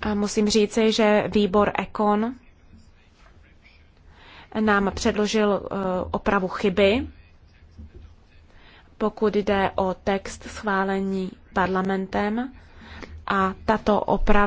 A musím říci, že výbor ECON nám předložil eh, opravu chyby, pokud jde o text schválení parlamentem a tato oprava